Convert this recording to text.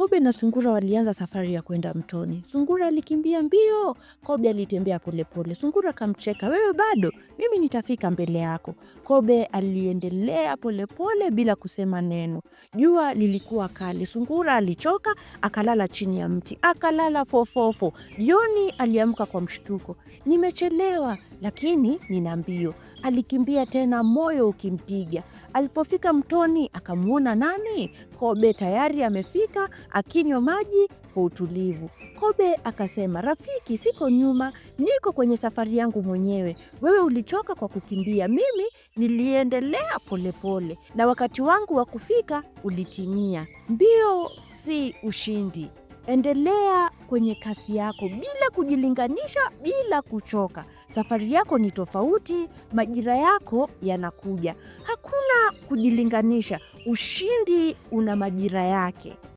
Kobe na sungura walianza safari ya kwenda mtoni. Sungura alikimbia mbio, Kobe alitembea polepole. Sungura kamcheka, wewe bado, mimi nitafika mbele yako. Kobe aliendelea polepole bila kusema neno. Jua lilikuwa kali, sungura alichoka, akalala chini ya mti, akalala fofofo. Jioni aliamka kwa mshtuko, nimechelewa, lakini nina mbio. Alikimbia tena, moyo ukimpiga. Alipofika mtoni akamwona nani? Kobe tayari amefika akinywa maji kwa utulivu. Kobe akasema, rafiki, siko nyuma, niko kwenye safari yangu mwenyewe. Wewe ulichoka kwa kukimbia, mimi niliendelea polepole pole, na wakati wangu wa kufika ulitimia. Mbio si ushindi. Endelea kwenye kasi yako bila kujilinganisha, bila kuchoka. Safari yako ni tofauti, majira yako yanakuja kujilinganisha. Ushindi una majira yake,